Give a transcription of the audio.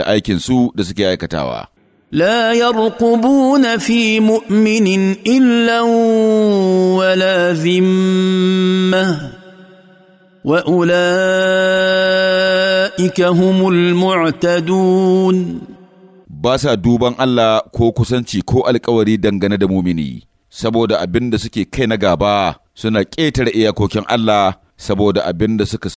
da aikinsu da suke aikatawa. لا fi mu'minin illa wala zimma, wa واولئك هم المعتدون ba sa duban Allah ko kusanci ko alkawari dangane da mumini saboda abin da suke kai na gaba suna ƙetare iyakokin Allah saboda abin da suka